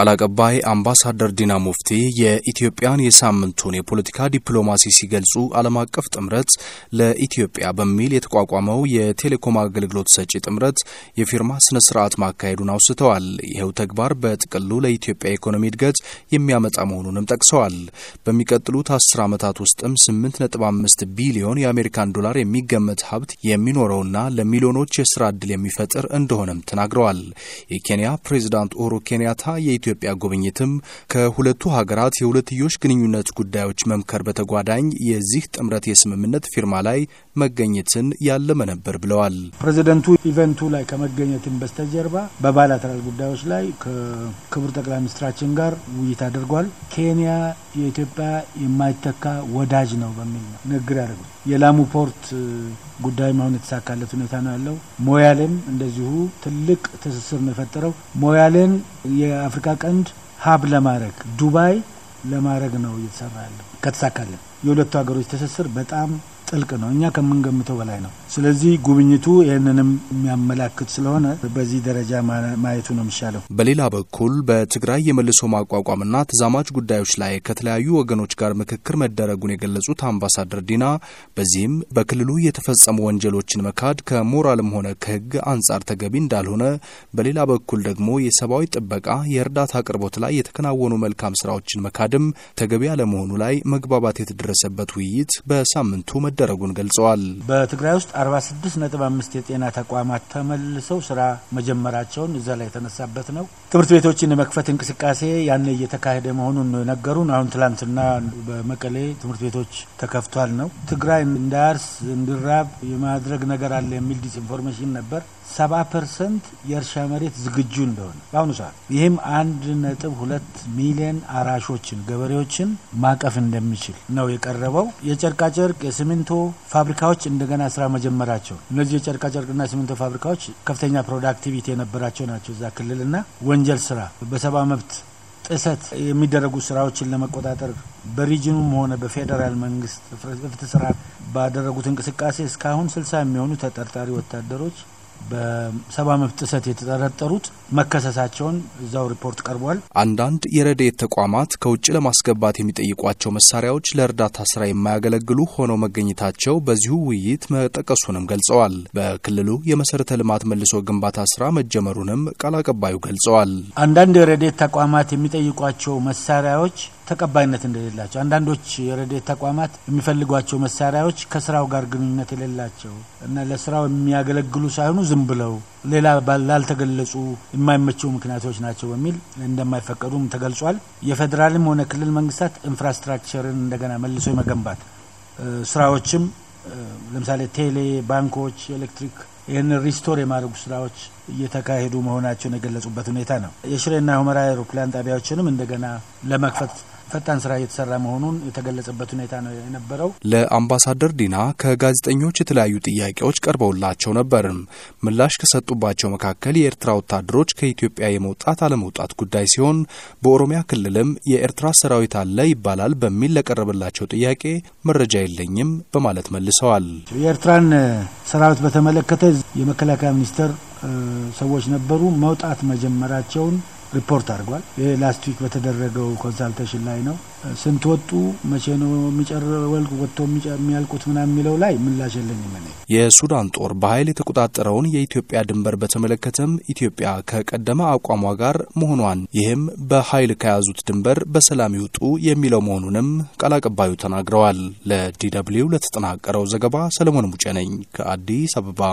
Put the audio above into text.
ቃል አቀባይ አምባሳደር ዲና ሙፍቲ የኢትዮጵያን የሳምንቱን የፖለቲካ ዲፕሎማሲ ሲገልጹ ዓለም አቀፍ ጥምረት ለኢትዮጵያ በሚል የተቋቋመው የቴሌኮም አገልግሎት ሰጪ ጥምረት የፊርማ ስነ ስርዓት ማካሄዱን አውስተዋል። ይኸው ተግባር በጥቅሉ ለኢትዮጵያ ኢኮኖሚ እድገት የሚያመጣ መሆኑንም ጠቅሰዋል። በሚቀጥሉት አስር ዓመታት ውስጥም አምስት ቢሊዮን የአሜሪካን ዶላር የሚገመት ሀብት የሚኖረውና ለሚሊዮኖች የስራ ዕድል የሚፈጥር እንደሆነም ተናግረዋል። የኬንያ ፕሬዚዳንት ኡሁሩ ኬንያታ የኢትዮጵያ ጉብኝትም ከሁለቱ ሀገራት የሁለትዮሽ ግንኙነት ጉዳዮች መምከር በተጓዳኝ የዚህ ጥምረት የስምምነት ፊርማ ላይ መገኘትን ያለመ ነበር ብለዋል። ፕሬዚደንቱ ኢቨንቱ ላይ ከመገኘትን በስተጀርባ በባይላተራል ጉዳዮች ላይ ከክቡር ጠቅላይ ሚኒስትራችን ጋር ውይይት አድርጓል። ኬንያ የኢትዮጵያ የማይተካ ወዳጅ ነው በሚል ነው ንግግር ያደርጉት። የላሙ ፖርት ጉዳይ አሁን የተሳካለት ሁኔታ ነው ያለው። ሞያሌም እንደዚሁ ትልቅ ትስስር ነው የፈጠረው። ሞያሌን የአፍሪካ ቀንድ ሀብ ለማድረግ ዱባይ ለማድረግ ነው እየተሰራ ያለ ከተሳካለን የሁለቱ ሀገሮች ትስስር በጣም ጥልቅ ነው። እኛ ከምንገምተው በላይ ነው። ስለዚህ ጉብኝቱ ይህንንም የሚያመላክት ስለሆነ በዚህ ደረጃ ማየቱ ነው የሚሻለው። በሌላ በኩል በትግራይ የመልሶ ማቋቋምና ተዛማጅ ጉዳዮች ላይ ከተለያዩ ወገኖች ጋር ምክክር መደረጉን የገለጹት አምባሳደር ዲና በዚህም በክልሉ የተፈጸሙ ወንጀሎችን መካድ ከሞራልም ሆነ ከሕግ አንጻር ተገቢ እንዳልሆነ፣ በሌላ በኩል ደግሞ የሰብአዊ ጥበቃ፣ የእርዳታ አቅርቦት ላይ የተከናወኑ መልካም ስራዎችን መካድም ተገቢ አለመሆኑ ላይ መግባባት የተደረገ የተደረሰበት ውይይት በሳምንቱ መደረጉን ገልጸዋል። በትግራይ ውስጥ 46 5 የጤና ተቋማት ተመልሰው ስራ መጀመራቸውን እዛ ላይ የተነሳበት ነው። ትምህርት ቤቶችን የመክፈት እንቅስቃሴ ያን እየተካሄደ መሆኑን ነው የነገሩን። አሁን ትላንትና በመቀሌ ትምህርት ቤቶች ተከፍቷል ነው። ትግራይ እንዳያርስ እንዲራብ የማድረግ ነገር አለ የሚል ዲስኢንፎርሜሽን ነበር። ሰባ ፐርሰንት የእርሻ መሬት ዝግጁ እንደሆነ በአሁኑ ሰዓት ይህም አንድ ነጥብ ሁለት ሚሊዮን አራሾችን ገበሬዎችን ማቀፍ እንደሚችል ነው የቀረበው። የጨርቃጨርቅ የሲሚንቶ ፋብሪካዎች እንደገና ስራ መጀመራቸው እነዚህ የጨርቃጨርቅና ሲሚንቶ ፋብሪካዎች ከፍተኛ ፕሮዳክቲቪቲ የነበራቸው ናቸው። እዛ ክልልና ወንጀል ስራ በሰብአዊ መብት ጥሰት የሚደረጉ ስራዎችን ለመቆጣጠር በሪጅኑም ሆነ በፌዴራል መንግስት ፍትህ ስርዓት ባደረጉት እንቅስቃሴ እስካሁን ስልሳ የሚሆኑ ተጠርጣሪ ወታደሮች በሰብአዊ መብት ጥሰት የተጠረጠሩት መከሰሳቸውን እዛው ሪፖርት ቀርቧል። አንዳንድ የረድኤት ተቋማት ከውጭ ለማስገባት የሚጠይቋቸው መሳሪያዎች ለእርዳታ ስራ የማያገለግሉ ሆነው መገኘታቸው በዚሁ ውይይት መጠቀሱንም ገልጸዋል። በክልሉ የመሰረተ ልማት መልሶ ግንባታ ስራ መጀመሩንም ቃል አቀባዩ ገልጸዋል። አንዳንድ የረድኤት ተቋማት የሚጠይቋቸው መሳሪያዎች ተቀባይነት እንደሌላቸው፣ አንዳንዶች የረድኤት ተቋማት የሚፈልጓቸው መሳሪያዎች ከስራው ጋር ግንኙነት የሌላቸው እና ለስራው የሚያገለግሉ ሳይሆኑ ዝም ብለው ሌላ ላልተገለጹ የማይመቸው ምክንያቶች ናቸው በሚል እንደማይፈቀዱም ተገልጿል። የፌዴራልም ሆነ ክልል መንግስታት ኢንፍራስትራክቸርን እንደገና መልሶ የመገንባት ስራዎችም ለምሳሌ ቴሌ፣ ባንኮች፣ ኤሌክትሪክ ይህን ሪስቶር የማድረጉ ስራዎች እየተካሄዱ መሆናቸውን የገለጹበት ሁኔታ ነው። የሽሬና ሁመራ አውሮፕላን ጣቢያዎችንም እንደገና ለመክፈት ፈጣን ስራ እየተሰራ መሆኑን የተገለጸበት ሁኔታ ነው የነበረው። ለአምባሳደር ዲና ከጋዜጠኞች የተለያዩ ጥያቄዎች ቀርበውላቸው ነበርም። ምላሽ ከሰጡባቸው መካከል የኤርትራ ወታደሮች ከኢትዮጵያ የመውጣት አለመውጣት ጉዳይ ሲሆን በኦሮሚያ ክልልም የኤርትራ ሰራዊት አለ ይባላል በሚል ለቀረበላቸው ጥያቄ መረጃ የለኝም በማለት መልሰዋል። የኤርትራን ሰራዊት በተመለከተ የመከላከያ ሚኒስቴር ሰዎች ነበሩ መውጣት መጀመራቸውን ሪፖርት አድርጓል። ይሄ ላስት ዊክ በተደረገው ኮንሳልቴሽን ላይ ነው። ስንት ወጡ፣ መቼ ነው ወልቅ ወጥቶ የሚያልቁት ምናምን የሚለው ላይ ምላሽ የለኝም። እኔ የሱዳን ጦር በኃይል የተቆጣጠረውን የኢትዮጵያ ድንበር በተመለከተም ኢትዮጵያ ከቀደመ አቋሟ ጋር መሆኗን ይህም በኃይል ከያዙት ድንበር በሰላም ይውጡ የሚለው መሆኑንም ቃል አቀባዩ ተናግረዋል። ለዲ ደብልዩ ለተጠናቀረው ዘገባ ሰለሞን ሙጬ ነኝ ከአዲስ አበባ።